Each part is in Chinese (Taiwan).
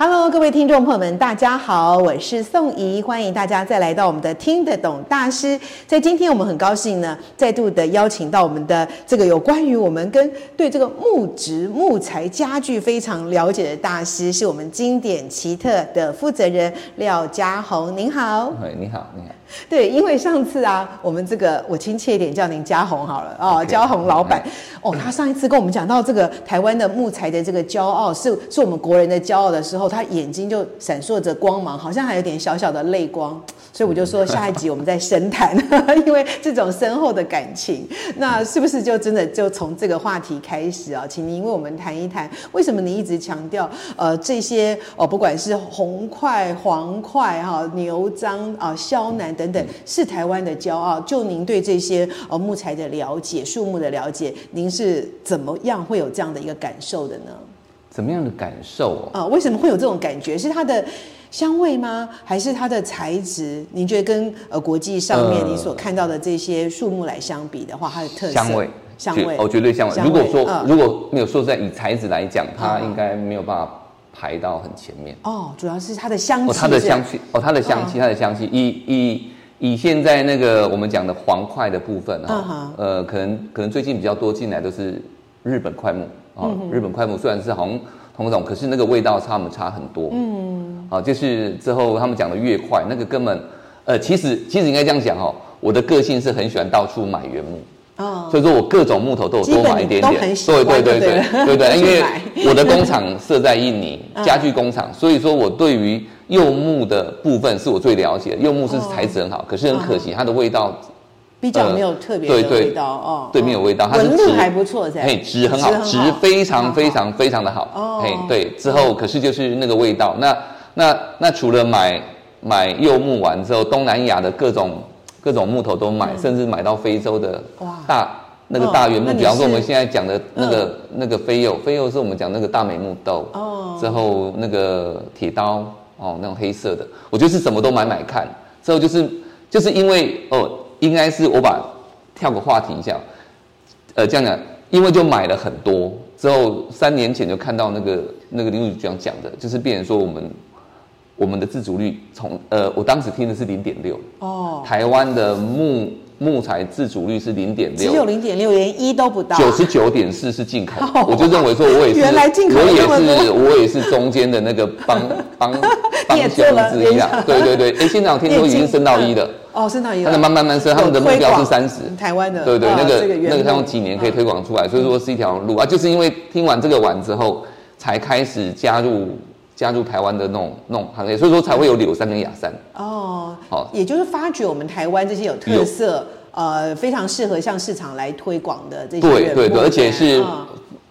哈嘍，Hello, 各位聽眾朋友們，大家好，我是宋怡，歡迎大家再來到我們的聽得懂大師。在今天，我們很高興呢，再度的邀請到我們的這個有關於我們跟對這個木質木材家具非常了解的大師，是我們京典奇特的負責人廖嘉弘，您好。哎、嗯，你好，你好。對，因為上次啊，我們這個我親切一點叫您嘉弘好了哦，嘉弘老闆哦，他上一次跟我們講到這個台灣的木材的這個驕傲是是我們國人的驕傲的時候，他眼睛就閃爍着光芒，好像還有點小小的淚光，所以我就說下一集我們再深談， 因為這種深厚的感情，那是不是就真的就從這個話題開始啊？請您為我們談一談，為什麼你一直強調呃這些哦，不管是紅檜、黃檜哈、哦、牛樟啊、肖、哦、楠。等等，是台灣的驕傲。就您對這些呃、哦、木材的了解、樹木的了解，您是怎麼樣會有這樣的一個感受的呢？怎麼樣的感受、哦？啊、哦，為什麼會有這種感覺？是它的香味嗎？還是它的材質？您覺得跟呃國際上面你所看到的這些樹木來相比的話，它的特色？香味，香味，哦，絕對香味。香味如果說、嗯、如果沒有說在以材質來講，它應該沒有辦法排到很前面。哦，哦，主要是它的香氣，它的香氣，哦，它的香氣是嗎？哦，它的香氣，一一。哦以現在那個我們講的黃檜的部分哈，哦、呃，可能可能最近比較多進來都是日本檜木啊，哦嗯、哼日本檜木雖然是紅紅種，可是那個味道差沒差很多，嗯，啊、哦，就是之後他們講的越快，那個根本，呃，其實其實應該這樣講哦，我的個性是很喜歡到處買原木，啊、哦，所以說我各種木頭都有多買一點點，對對對對對對，因為我的工廠設在印尼、嗯、家具工廠，所以說我對於。柚木的部分是我最了解，柚木是材質很好，可是很可惜它的味道比較沒有特別的味道哦，對，沒有味道。它紋路還不錯，嘿，質很好，質非常非常非常的好。嘿，對，之後可是就是那個味道。那那那除了買買柚木完之後，東南亞的各種各種木頭都買，甚至買到非洲的大那個大圓木，比方說我們現在講的那個那個非柚，非柚是我們講那個大美木豆。哦，之後那個鐵刀。哦，那種黑色的，我就是什麼都買買看。之後就是，就是因為哦、呃，應該是我把跳個話題一下，呃，這樣講，因為就買了很多。之後三年前就看到那個那個林秘這樣講的，就是變成說我們我們的自足率從呃，我當時聽的是零點六哦，台灣的木。木材自主率是零點六，只有零點六，連一都不到。九十九點四是進口，我就認為說，我也是，我也是，我也是中間的那個幫幫幫分子一樣。對對對，哎，現在我聽說已經升到一了。哦，升到一了。它慢慢慢慢升，他們的目標是三十。台灣的對對，那個那個他用幾年可以推廣出來，所以說是一條路啊。就是因為聽完這個碗之後，才開始加入。加入台灣的那種、那種行業，所以說才會有柳杉跟雅杉哦。好、哦，也就是發掘我們台灣這些有特色，有呃，非常適合向市場來推廣的這些。對對對，而且是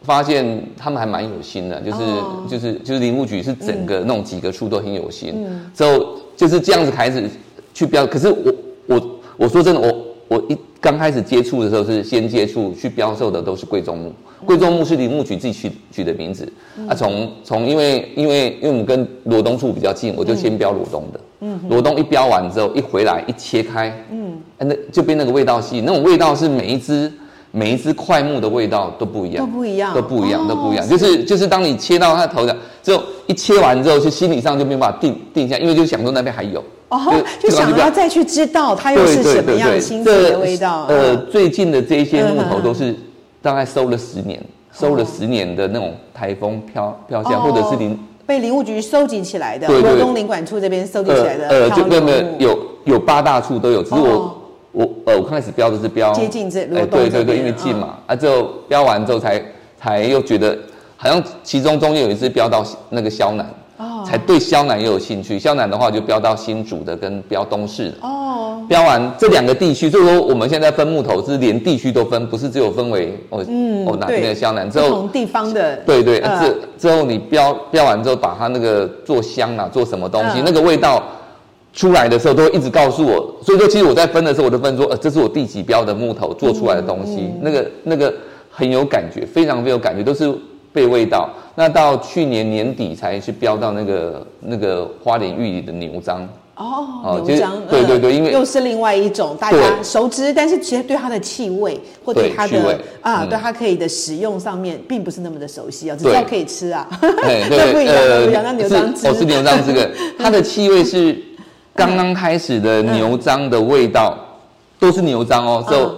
發現他們還蠻有心的，哦、就是就是就是林務局是整個、嗯、那種幾個處都很有心，之後、嗯、就是這樣子開始去標。可是我我我說真的我。我一剛開始接觸的時候是先接觸去標售的都是貴重木，貴重木是林務局自己取取的名字。啊，從從因為因為因為我們跟羅東處比較近，我就先標羅東的。嗯，羅東一標完之後一回來一切開，嗯，那就被那個味道吸引，那種味道是每一只每一只塊木的味道都不一樣，都不一樣，都不一樣，都不一樣，就是就是當你切到它頭上之後就。一切完之後，就心理上就沒有辦法定定下，因為就想說那邊還有，哦，就想要再去知道它又是什麼樣的新鮮的味道。呃，最近的這些木頭都是大概收了十年，收了十年的那種台風飄飄下，或者是林被林務局收集起來的。對對，羅東林管處這邊收集起來的。呃，這個沒有，有有八大處都有。只是我我呃，我剛開始標的是標接近這，哎對對對，因為近嘛。啊，最後標完之後才才又覺得。好像其中中間有一只標到那個肖楠，哦，oh. 才對肖楠也有興趣。肖楠的話就標到新竹的跟標東勢的。哦。標完這兩個地區，所以對說我們現在,在分木頭是連地區都分，不是只有分為哦、嗯、哦哪邊的肖楠對之後。不同地方的。對,對對，這、uh. 啊、之後你標標完之後，把它那個做香啊，做什麼東西，uh. 那個味道出來的時候，都會一直告訴我。所以說，其實我在分的時候，我都分說，呃，這是我第幾標的木頭做出來的東西，嗯嗯、那個那個很有感覺，非常非常有感覺，都是。被味道，那到去年年底才去標到那個那個花蓮玉里的牛樟。哦，牛樟？對對對，因為又是另外一種大家熟知，但是其實對它的氣味或者它的啊，對它可以的使用上面並不是那麼的熟悉啊，只知道可以吃啊，對對呃，是哦，是牛樟這個，它的氣味是剛剛開始的牛樟的味道，都是牛樟哦，就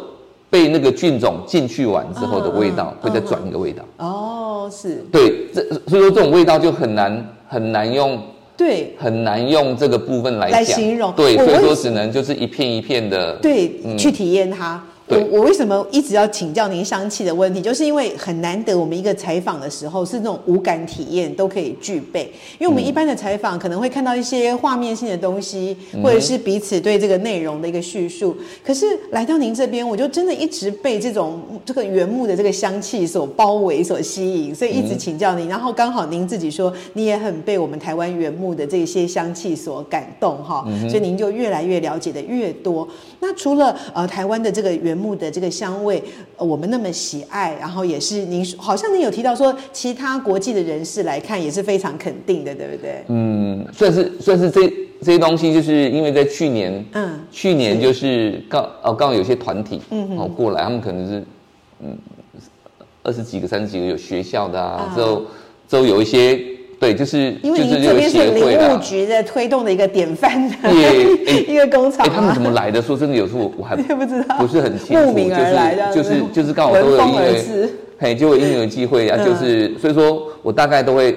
被那個菌種進去完之後的味道，會再轉一個味道哦。都、哦、是對，這所以說，說這種味道就很難很難用，對，很難用這個部分來講來形容，對，我所以說只能就是一片一片的對、嗯、對去體驗它。我我為什麼一直要請教您香氣的問題？就是因為很難得，我們一個採訪的時候是那種五感體驗都可以具備。因為我們一般的採訪可能會看到一些畫面性的東西，或者是彼此對這個內容的一個敘述。可是來到您這邊，我就真的一直被這種這個原木的這個香氣所包圍、所吸引，所以一直請教您。然後剛好您自己說，你也很被我們台灣原木的這些香氣所感動哈，所以您就越來越了解的越多。那除了呃台灣的這個原。木的這個香味，呃，我們那麼喜愛，然後也是您好像您有提到說，其他國際的人士來看也是非常肯定的，對不對？嗯，算是算是這這些東西，就是因為在去年，嗯，去年就是剛是哦，剛好有些團體，嗯嗯，哦，過來，他們可能是嗯二十幾個、三十幾個有學校的啊，啊之後之後有一些。對，就是，就是這邊是林務局在推動的一個典範的一個工廠。他們怎麼來的？說真的，有時候我還不知道，不是很清楚。慕名而來，這樣子。就是就是剛好都有因為，嘿，就有因為機會啊，就是，所以說我大概都會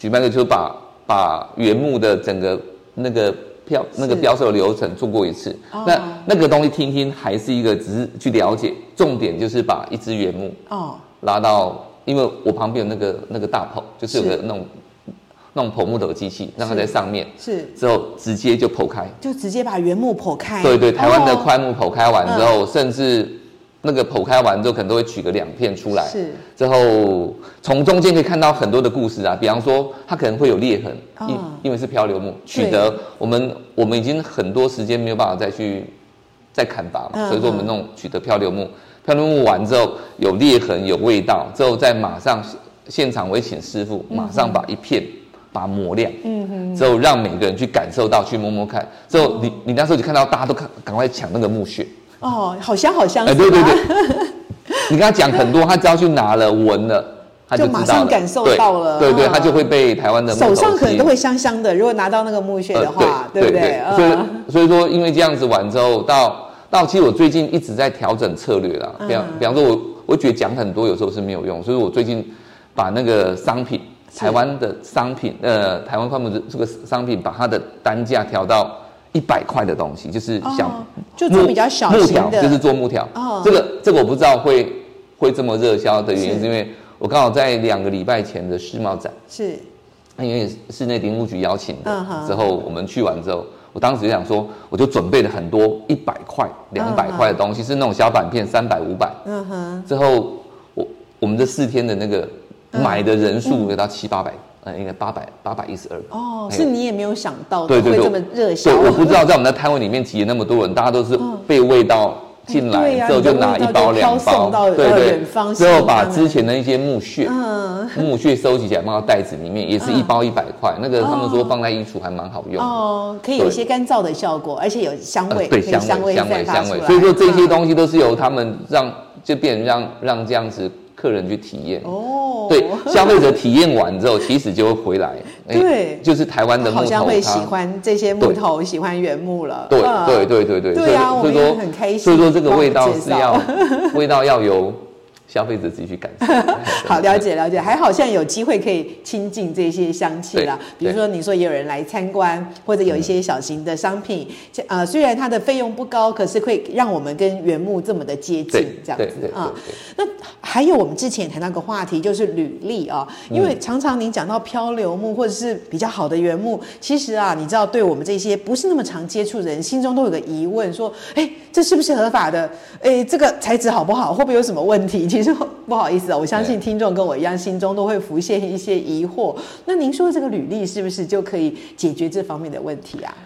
舉辦個，就把把原木的整個那個票那個標售流程做過一次。那那個東西聽聽還是一個，只是去了解。重點就是把一只原木哦拉到，因為我旁邊有那個那個大炮，就是有個那種。弄剖木頭的機器，讓它在上面，是，是之後直接就剖開，就直接把原木剖開。對對，台灣的寬木剖開完之後，oh, 甚至那個剖開完之後，可能都會取個兩片出來。是之後從中間可以看到很多的故事啊，比方說它可能會有裂痕，因、oh, 因為是漂流木取得，我們、oh, 我們已經很多時間沒有辦法再去再砍伐嘛，oh, 所以說我們弄取得漂流木，oh, 漂流木完之後有裂痕有味道，之後再馬上現場我會請師傅馬上把一片。把磨亮，嗯哼，之後讓每個人去感受到，去摸摸看。之後你、哦、你那時候就看到大家都趕趕快搶那個木屑，哦，好香好香。哎，欸、對對對， 你跟他講很多，他只要去拿了聞了，他就、了就馬上感受到了。對、對對、對、啊、他就會被台灣的手上可能都會香香的。如果拿到那個木屑的話，呃、對、對不對？所以所以說，因為這樣子玩之後，到到其實我最近一直在調整策略啦。比方，嗯、比方說我，我我覺得講很多有時候是沒有用，所以我最近把那個商品。台灣的商品，呃，台灣快們的這個商品，把它的單價調到一百塊的東西，就是想、oh, 做比較小的木條，就是做木條。哦，oh. 這個這個我不知道會會這麼熱銷的原因，是，是因為我剛好在兩個禮拜前的世貿展，是，因為市內林務局邀請的，之後、uh huh. 我們去完之後，我當時就想說，我就準備了很多一百塊、兩百塊的東西，uh huh. 是那種小板片，三百、uh、五百。嗯哼，之後我我們這四天的那個。買的人數有到七八百，呃，應該八百八百一十二個。哦，是你也沒有想到會這麼熱銷。對，我不知道在我們的攤位裡面集了那麼多人，大家都是被味道進來之後就拿一包兩包，對對。之後把之前的一些木屑，嗯，木屑收集起來放到袋子裡面，也是一包一百塊。那個他們說放在衣櫥還蠻好用。哦，可以有一些乾燥的效果，而且有香味，對香味香味香味。所以說這些東西都是由他們讓就變讓讓這樣子。客人去體驗哦，oh, 對，消費者體驗完之後，其實就會回來。 欸、對，就是台灣的木頭，好像會喜歡這些木頭，喜歡原木了。對對對對對，呃、所以對啊，所以說很開心。所以說這個味道是要 味道要有。消費者自己去感受， 好、嗯、了解了解，還好像有機會可以親近這些香氣啦。對比如說，你說也有人來參觀，或者有一些小型的商品，啊、呃，雖然它的費用不高，可是會讓我們跟原木這麼的接近，這樣子啊。對對對，那還有我們之前也談到個話題，就是履歷啊，因為常常您講到漂流木或者是比較好的原木，嗯、其實啊，你知道對我們這些不是那麼常接觸的人，心中都有個疑問，說，哎、欸，這是不是合法的？哎、欸，這個材質好不好？會不會有什麼問題？其實不好意思啊、哦，我相信聽眾跟我一樣，對心中都會浮現一些疑惑。那您說的這個履歷是不是就可以解決這方面的問題啊？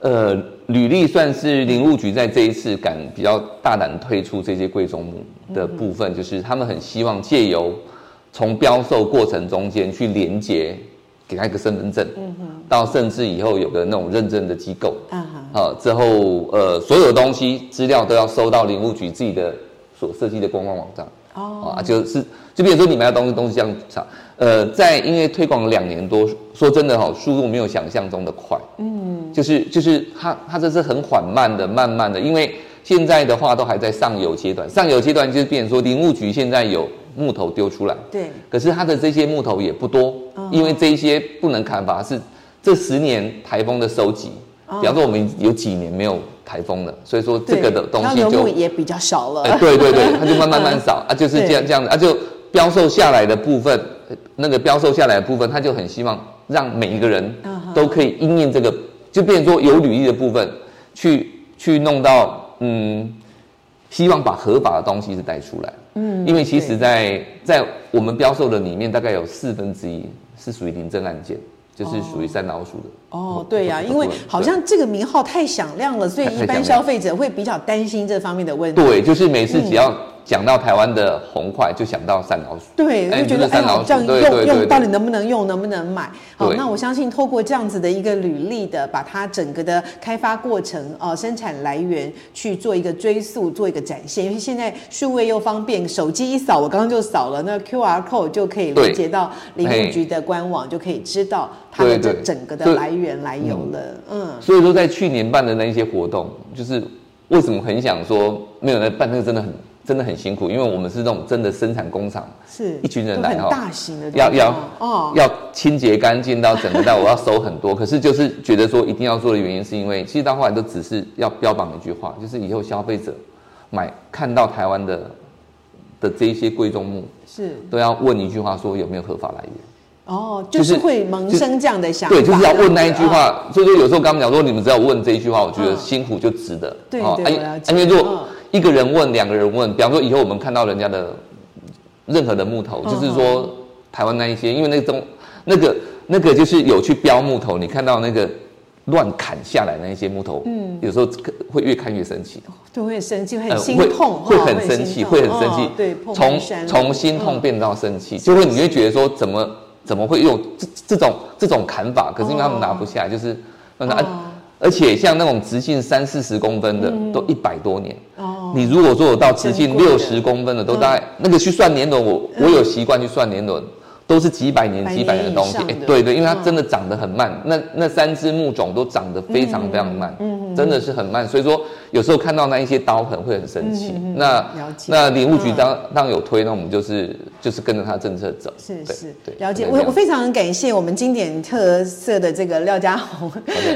呃，履歷算是林務局在這一次敢比較大膽推出這些貴重的部分，嗯、哼就是他們很希望借由從標售過程中間去連接，給他一個身份證，嗯哼，到甚至以後有個那種認證的機構，嗯哼啊、之後呃，所有的東西資料都要收到林務局自己的所設計的官方網站。哦、oh. 啊，就是就比如說你買的東西，東西這樣長，呃，在因為推廣了兩年多，說真的哈、哦，速度沒有想象中的快，嗯、mm hmm. 就是，就是就是它它這是很緩慢的，慢慢的，因為現在的話都還在上游階段，上游階段就是變成說林務局現在有木頭丟出來，對、mm，hmm. 可是它的這些木頭也不多，mm hmm. 因為這一些不能砍伐，是這十年颱風的收集。比方說，我們有幾年沒有台風了，哦、所以說這個的東西就對漂流木也比較少了、欸。對對對，它就慢慢慢少、嗯、啊，就是這樣對這樣子啊，就標售下來的部分，對那個標售下來的部分，他就很希望讓每一個人都可以應用這個，就變成說有履歷的部分，去去弄到嗯，希望把合法的東西是帶出來。嗯，因為其實在，在對在我們標售的裡面，大概有四分之一是屬於林政案件。就是屬於三老鼠的哦、嗯、哦，對呀、啊，就因為對好像這個名號太響亮了，太所以一般消費者會比較擔心這方面的問題。對，就是每次只要、嗯。講到台灣的紅塊，就想到山老鼠。對，欸、就覺得哎、欸，這樣用用到底能不能用，能不能買？好，對 那我相信透過這樣子的一個履歷的，把它整個的開發過程啊、呃，生產來源去做一個追溯，做一個展現。因為現在數位又方便，手機一掃，我剛剛就掃了那個、QR code，就可以連接到林業局的官網，對 欸、就可以知道它的這整個的來源來由了。對對對，嗯，所以說在去年辦的那一些活動，就是為什麼很想說沒有來辦，那個真的很。真的很辛苦，因為我們是那種真的生產工廠，是一群人來哈，大型的，要要哦，要清潔乾淨到整個，到我要收很多。可是就是覺得說一定要做的原因，是因為其實到後來都只是要標榜一句話，就是以後消費者買看到台灣的的這一些貴重木，是都要問一句話，說有沒有合法來源。哦，就是會萌生這樣的想法。對，就是要問那一句話。所以說有時候剛剛講說，你們只要問這一句話，我覺得辛苦就值得。對，安安先生。一個人問，兩個人問。比方說，以後我們看到人家的任何的木頭，就是說台灣那一些，因為那種那個那個就是有去標木頭，你看到那個亂砍下來那一些木頭，嗯，有時候會越看越生氣，對，會生氣，會心痛，會很生氣，會很生氣。從從心痛變到生氣，就會你會覺得說，怎麼怎麼會有這這種這種砍法？可是因為他們拿不下，就是，而且像那種直徑三四十公分的，都一百多年。你如果說有到直徑六十公分的的嗯、都大概那個去算年輪，我我有習慣去算年輪，都是幾百年，幾百年的東西。哎、欸，對對，因為它真的長得很慢。嗯，那那三只木種都長得非常非常慢，嗯，真的是很慢，所以說。有時候看到那一些刀痕會很生氣。嗯嗯嗯那了解那林務局當、啊、當有推，那我們就是就是跟着他政策走。是是，對。對了解。我、嗯、我非常感謝我們京典奇特的這個廖嘉弘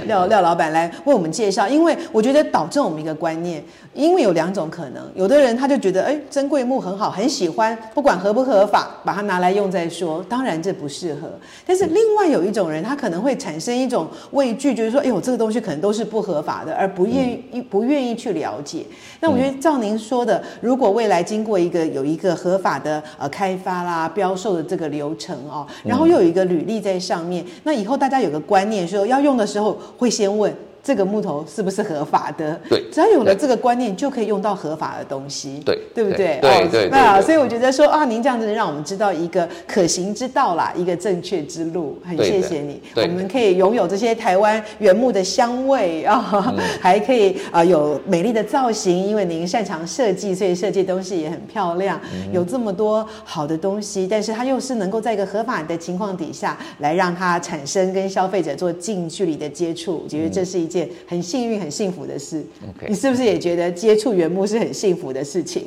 廖、嗯、廖老闆來為我們介紹，嗯、因為我覺得導致我們一個觀念，因為有兩種可能，有的人他就覺得哎、欸、珍貴木很好，很喜歡，不管合不合法，把它拿來用再說。當然這不適合，但是另外有一種人，他可能會產生一種畏懼，就是說哎呦，欸、這個東西可能都是不合法的，而不願意不願意。嗯願意去了解，那我覺得照您說的，如果未來經過一個有一個合法的呃開發啦、標售的這個流程哦，然後又有一個履歷在上面，那以後大家有個觀念說，說要用的時候會先問。這個木頭是不是合法的？對，只要有了這個觀念，就可以用到合法的東西。對，對不對？對、哦、對啊，所以我覺得說啊，您這樣子能讓我們知道一個可行之道啦，一個正確之路。很謝謝你，對的我們可以擁有這些台灣原木的香味啊，哦、的還可以啊、呃、有美麗的造型，因為您擅長設計，所以設計東西也很漂亮。嗯、有這麼多好的東西，但是它又是能夠在一個合法的情況底下來讓它產生跟消費者做近距離的接觸，我覺得這是一件很幸運、很幸福的事，你是不是也覺得接觸原木是很幸福的事情？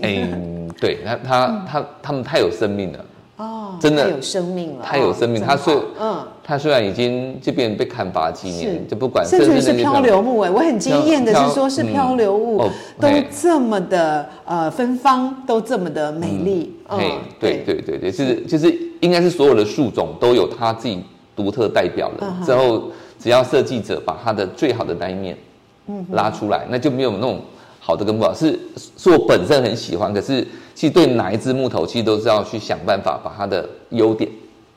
對，他他他他們太有生命了哦，真的有生命了，太有生命。他雖嗯，他雖然已經這邊被砍伐幾年，就不管甚至是漂流木哎，我很驚豔的是，說是漂流木都這麼的呃芬芳，都這麼的美麗。哎，對對對對，就是就是，應該是所有的樹種都有它自己獨特代表的之後。只要設計者把它的最好的那一面，嗯，拉出來，嗯哼。那就沒有那種好的跟不好，是，是我本身很喜歡，可是其實對哪一支木頭，其實都是要去想辦法把它的優點。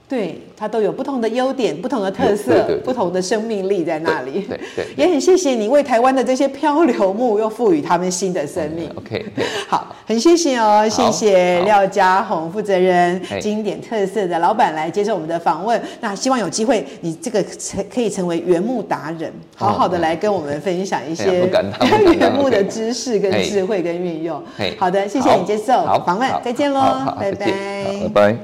對，它都有不同的優點、不同的特色、不同的生命力在那裡。對，也很謝謝你為台灣的這些漂流木又賦予他們新的生命。OK，好，很謝謝哦，謝謝廖嘉弘負責人，京典奇特的老闆來接受我們的訪問。那希望有機會你這個成可以成為原木達人，好好的來跟我們分享一些原木的知識跟智慧跟運用。好的，謝謝你接受訪問，再見嘍，拜拜，拜拜。